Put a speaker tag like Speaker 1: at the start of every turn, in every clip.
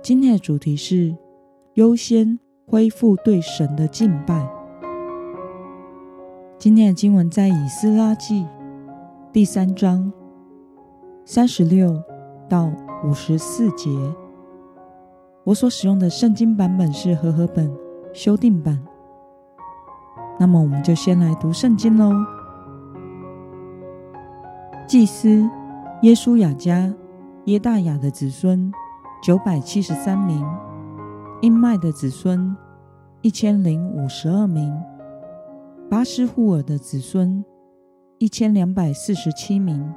Speaker 1: 今天的主題是優先恢復對神的敬拜。今天的經文在《以斯拉記》第三章三十六到五十四節。我所使用的聖經版本是和合本修訂版。那麼，我們就先來讀聖經嘍。祭司耶書亞家、耶大雅的子孫，九百七十三名，音麥的子孫一千零五十二名，巴施戶珥的子孫一千兩百四十七名，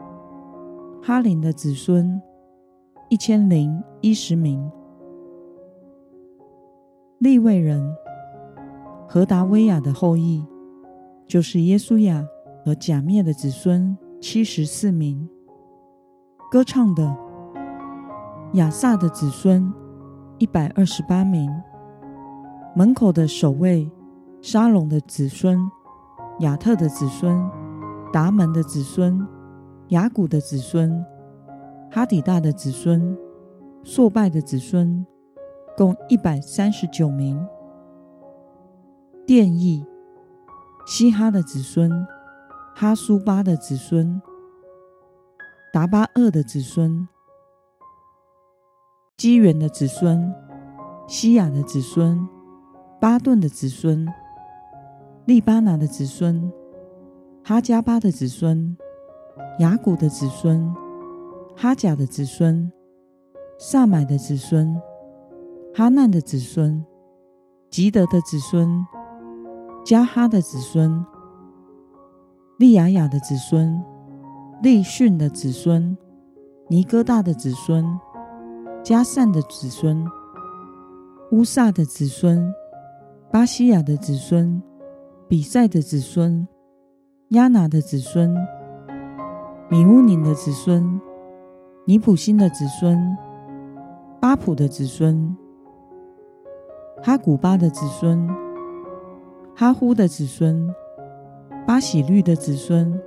Speaker 1: 哈琳的子孫一千零一十名，利未人何達威雅的後裔，就是耶書亞和甲篾的子孫七十四名，歌唱的。亞薩的子孫，一百二十八名；門口的守衛，沙龍的子孫，亞特的子孫，達們的子孫，亞谷的子孫，哈底大的子孫，朔拜的子孫，共一百三十九名。殿役，西哈的子孫，哈蘇巴的子孫，答巴俄的子孫。基元的子孫，西亞的子孫，巴頓的子孫，利巴拿的子孫，哈迦巴的子孫，亞谷的子孫，哈甲的子孫，薩買的子孫，哈難的子孫，吉德的子孫，迦哈的子孫，利亞雅的子孫，利汛的子孫，尼哥大的子孫。加散的子孫，烏撒的子孫，巴西亞的子孫，比賽的子孫，押拿的子孫，米烏寧的子孫，尼普心的子孫，巴卜的子孫，哈古巴的子孫，哈忽的子孫，巴洗律的子孫，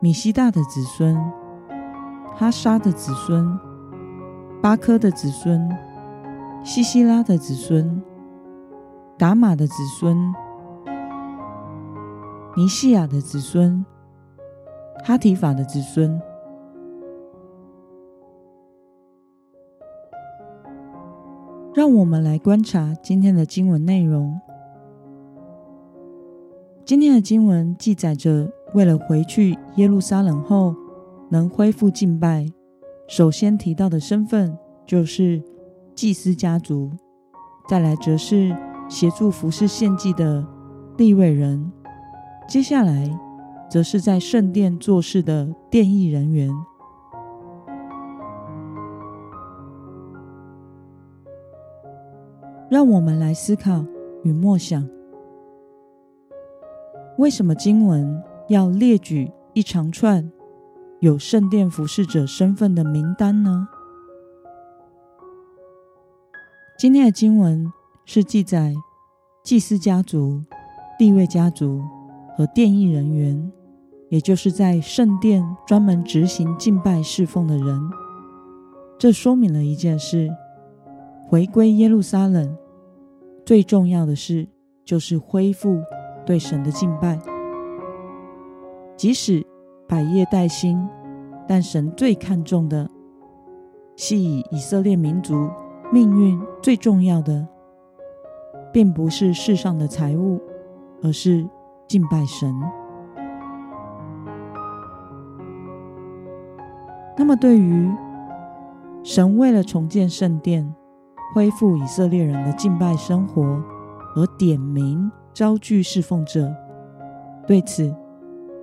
Speaker 1: 米希大的子孫，哈沙的子孫。巴柯的子孫，西西拉的子孫，答瑪的子孫，尼細亞的子孫，哈提法的子孫。讓我們來觀察今天的經文內容。今天的經文記載着，為了回去耶路撒冷後能恢復敬拜。首先提到的身份就是祭司家族，再來則是協助服事獻祭的利未人，接下來則是在聖殿做事的殿役人員。讓我們來思考與默想，為什麼經文要列舉一長串有聖殿服侍者身份的名單呢？今天的經文是記載祭司家族、利未家族和殿役人員，也就是在聖殿專門執行敬拜侍奉的人。這說明了一件事：回歸耶路撒冷最重要的事，就是恢復對神的敬拜，即使。百業待興，但神最看重的，維繫以色列民族命運最重要的，並不是世上的財物，而是敬拜神。那麼，對於神為了重建聖殿、恢復以色列人的敬拜生活而點名招聚侍奉者，對此。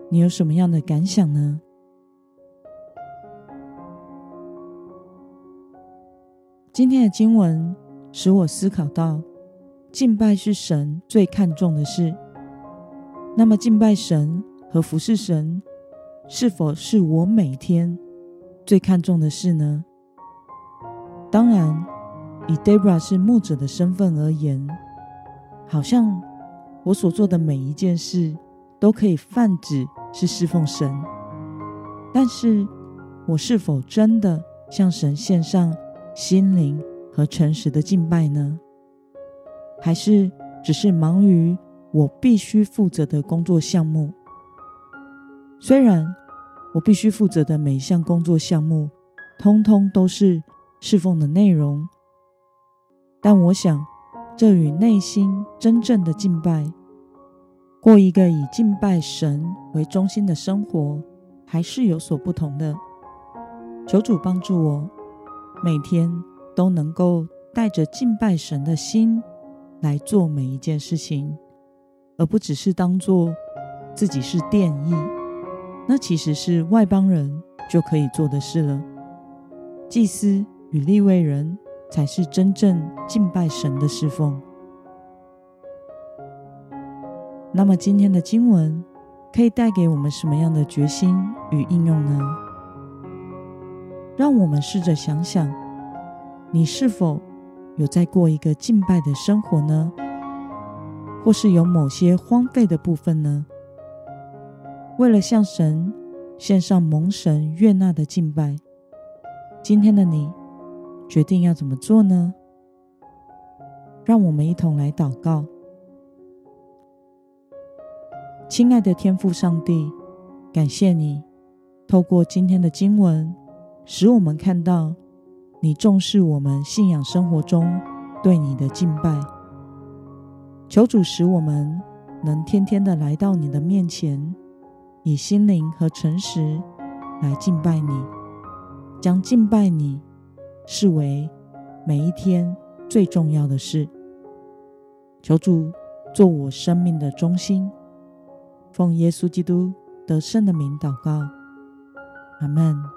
Speaker 1: 你有什麼樣的感想呢？今天的經文使我思考到，敬拜是神最看重的事。那麼，敬拜神和服侍神，是否是我每天最看重的事呢？當然，以 Deborah 是牧者的身份而言，好像我所做的每一件事都可以泛指。是侍奉神，但是我是否真的向神獻上心靈和誠實的敬拜呢？還是只是忙於我必須負責的工作項目？雖然我必須負責的每一項工作項目，通通都是侍奉的內容，但我想，這與內心真正的敬拜。過一個以敬拜神為中心的生活，還是有所不同的。求主幫助我，每天都能夠帶着敬拜神的心來做每一件事情，而不只是當做自己是殿役，那其實是外邦人就可以做的事了。祭司與利未人才是真正敬拜神的事奉。那麼今天的經文可以帶給我們什麼樣的決心與應用呢？讓我們試着想想，你是否有在過一個敬拜的生活呢？或是有某些荒廢的部分呢？為了向神獻上蒙神悅納的敬拜，今天的你決定要怎麼做呢？讓我們一同來禱告。親愛的天父上帝，感謝你透過今天的經文，使我們看到你重視我們信仰生活中對你的敬拜。求主使我們能天天的來到你的面前，以心靈和誠實來敬拜你，將敬拜你視為每一天最重要的事。求主做我生命的中心。奉耶穌基督得勝的名禱告，阿門。